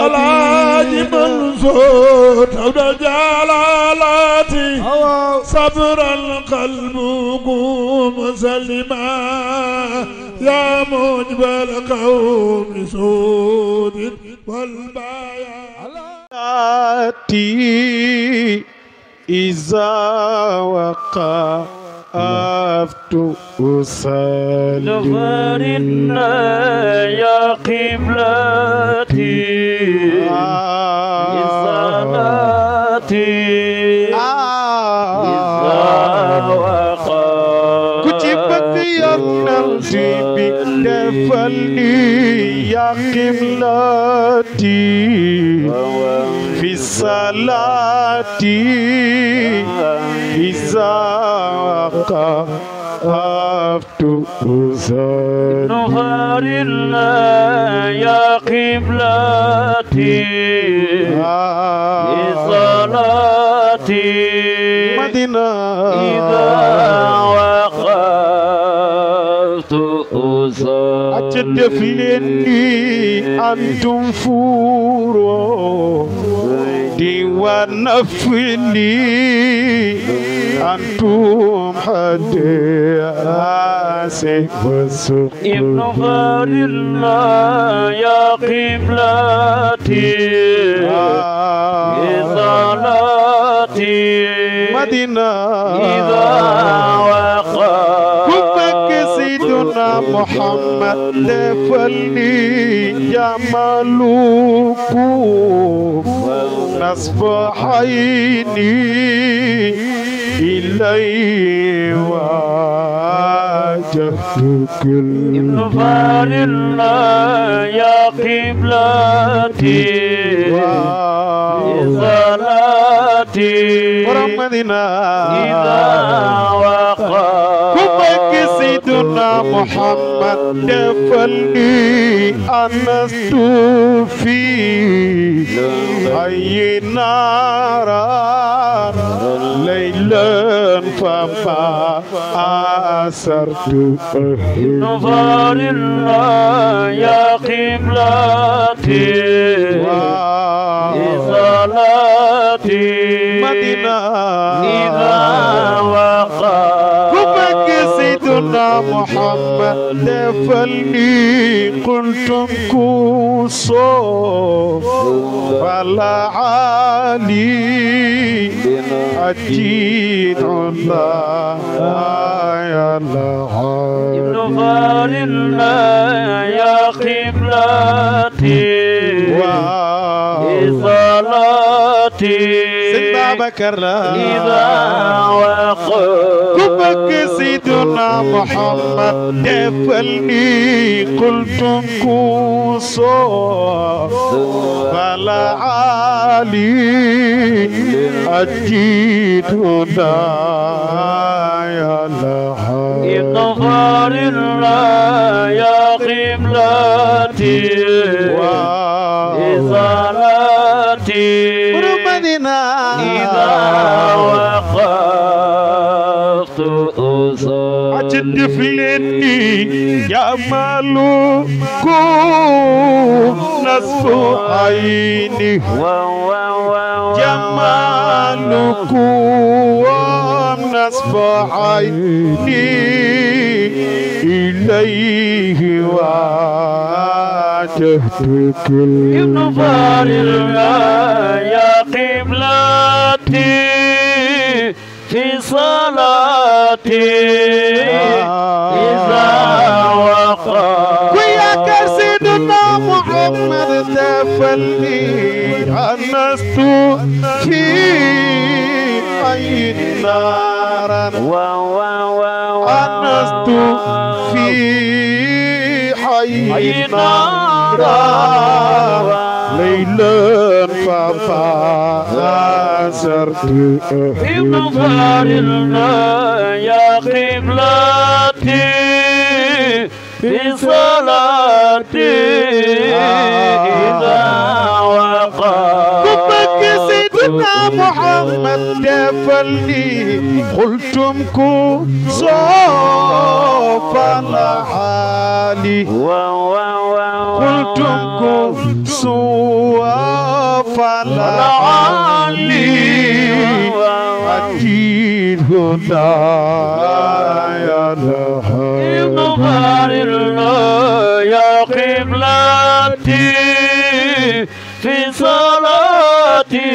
alaaji mansoor tawdal jalaalaati sabral qalbu muslima yaa mujbal qawmi suudin wal bayaati iza وقفت أصلي لغرنا يا قبلتي فلي يا قبلتي في صلاتي إذا وقفت أصلي نهار الله يا قبلتي لصلاتي مدينة إذا وقفت أتدف لني أنتم فورو ديوان نفلي أنتم حداسي ابن غار الله يا قبلتي صلاتي مدينة إذا Muhammad defal ni jamaluku nasbahayni إلي وجهت كل فارنا يا قبلتي صلاتي ورحمتنا إذا Seydina Muhammad defal ni ana suufi ay naara laylan fama asartu نظار الله يا قبلتي وصلاتي مدينه مولانا محمد فلني كنتم كوصوف فلا علي أجيد الله يا الله ابن فارنا يا قبلتي وصلاتي بكر لا ku bëgg Seydina Muhammad defal ni qultum kuusu fala ali ajiduna ya laha iqfarin la ya qiblatii أجدفلني جمالكم نص عيني جمالكم نصف عيني إليه واتهتك النظر يا قبلتي في صلاه إذا وقع ويا كرسيدنا محمد تفلي الناس في عين نارا الناس في حين نارا ليلا ففا أسرت في مغفرنا يا قبلتي في صلاتي إذا وقعت سيدنا محمد دفلي قلتم كن صوفا حالي قلتم كن السوء فلا علي أكيد لا يرهق يا قبلتي في صلاتي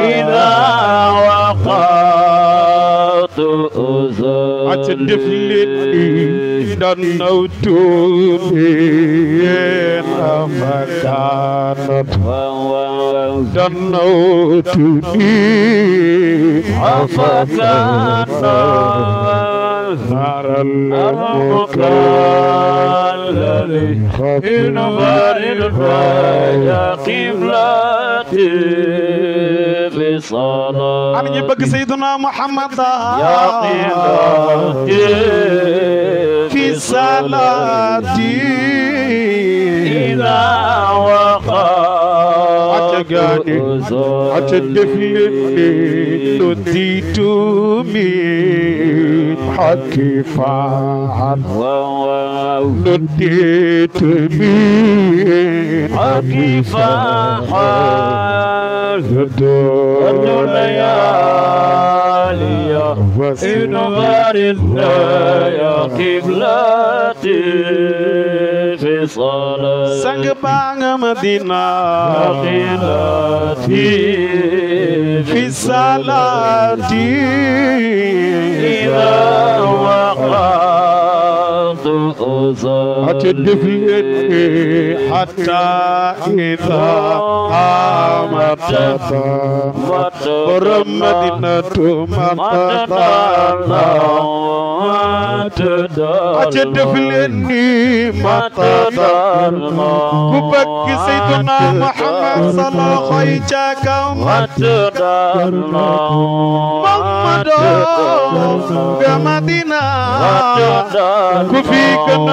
إذا وقعت أزلي دنوت به كانت جنوتني أفكانت نار الذي إن غار الفاجق بلاتي بصلاة أمين يبقى سيدنا محمد يا قيلاتي في صلاتي إذا وقع أتجاني نسيت من حكفا نسيت من حكفا حزدون ليالي إن بارد يا قبلتي fi salaati sang baa nga Madina madinati fi salaati ila waqaatu أتدفلت حتى إذا أمتت برمدنة مقتت أتدفلني مقتت كبك سيدنا محمد صلى الله عليه وسلم مقتت محمد بمدينة كفيك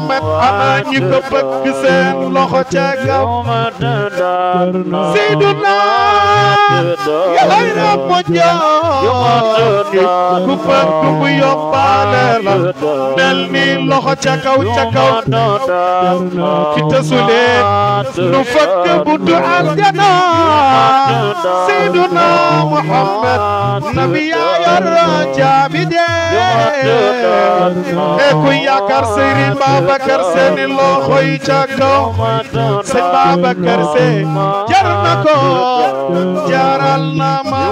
Muhammad ana ñi ko bëgg seen loxo ca gaw Seyduna yalay na moja ku bëgg mu yombaale la mel ni loxo ca kaw ca kaw ki tasuleen nu fëgg buntu aljana Seyduna Muhammad nabi yaa yor jaabi dee e ku yaakaar Serigne Babacar Sy ni loxo yi ca kaw Serigne Babacar Sy jar na ko jaral na ma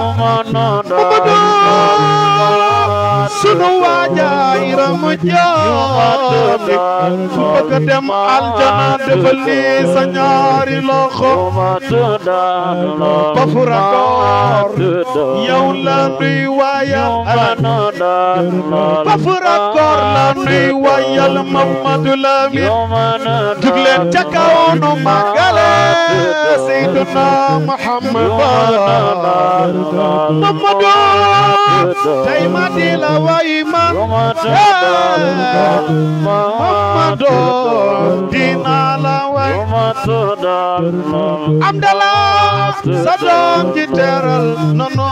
sunu waajaay rama jaani ku bëgg a dem aljana defal lii sa ñaari loxo pafura koor yow la nuy waayal ana pafura koor la nuy waayal Mamadu Lamin jug leen ca kaw nu màggale Seydina Muhammad Mamadu tey ma di la وإيمان محمد دين على وجه am dala sa doom ji teral nono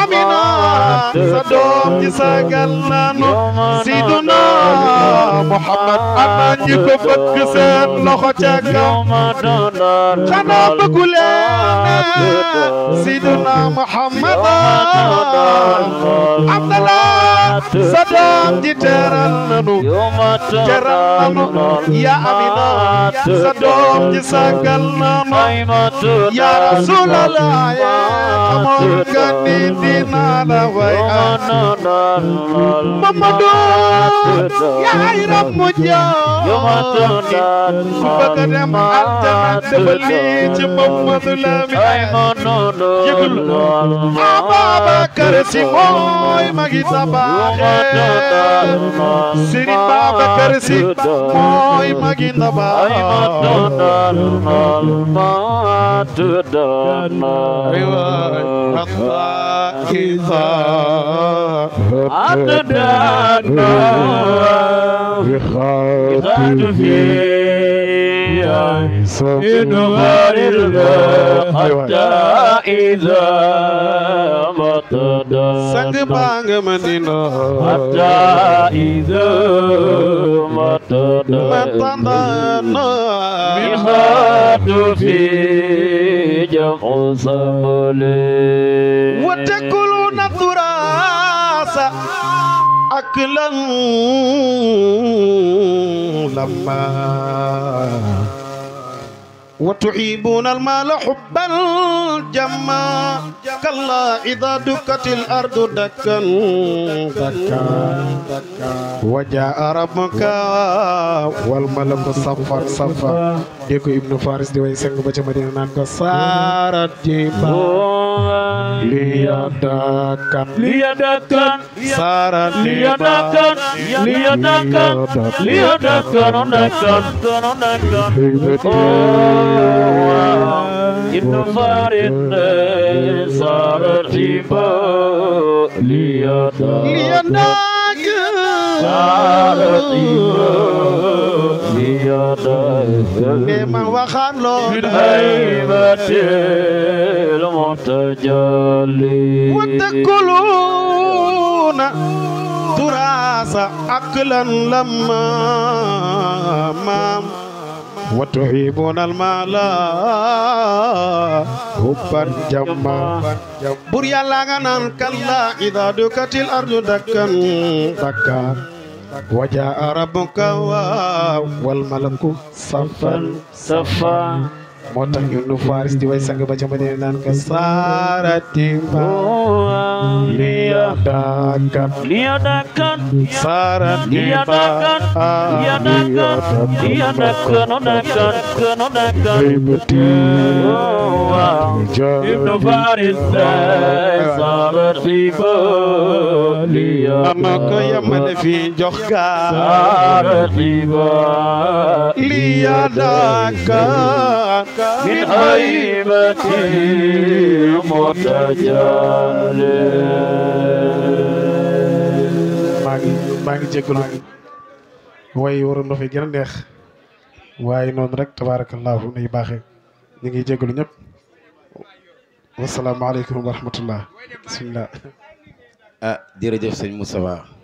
amina sa doom ji sagal nanu siduna muhammad ana ñi ko fëkk seen loxo ca kaw xanaa bëgguleen siduna muhammad am dala sa doom ji teral nanu teral nanu ya sa doom ji sagal na ma yaa Rasulallah amoon nga ni dina la way Mamadu yaay rab mu jooy su bëgg a dem aljana defal lii ci Mamadu Lamin yëgul Ababacar Si mooy magi tabaaxe Sëriñ Babacar Si mooy magi tabaaxe أقدانا بخطفه إن غير حتى إذا مطدا سنگ بانگ مدينة حتى إذا مطدا مطدا بخطفه جمع سملي وتكل أكلا لما وتحيبون المال حبا جما كلا إذا دكت الأرض دكا دكا وجاء ربك والملك صفا صفا dégg ko ibnu faris di way sang ba ca naan ko saarat ji ba liyadakan liyadakan saarat liyadakan liyadakan liyadakan dakan ibnu faris saarat ji ba liyadakan بمن وخلو من هيبة المتجلي وتأكلون تراس أكلا لما مام وتحبون المال حبا جما بريا لغنان كلا إذا دكت الأرض دكا دكا وجاء ربك wal malaku safan safa moo tax ñu nu faris di way sang ba ca ma naan ka saarati يدكن يدكن سارت يدكن يدكن يدكن ودكن ودكن ابن فارس صار في بالي اما كيما في جوكا صار في بالي يدكن maa ngi maa ngi jégalu waaye waroon na fay gën a neex waaye noonu rek tabaarakallaahu nuy baaxee ñu ngi jégalu ñëpp wasalaamaaleykum wa rahmatullah bisimilah. ah jërëjëf sëñ Moustapha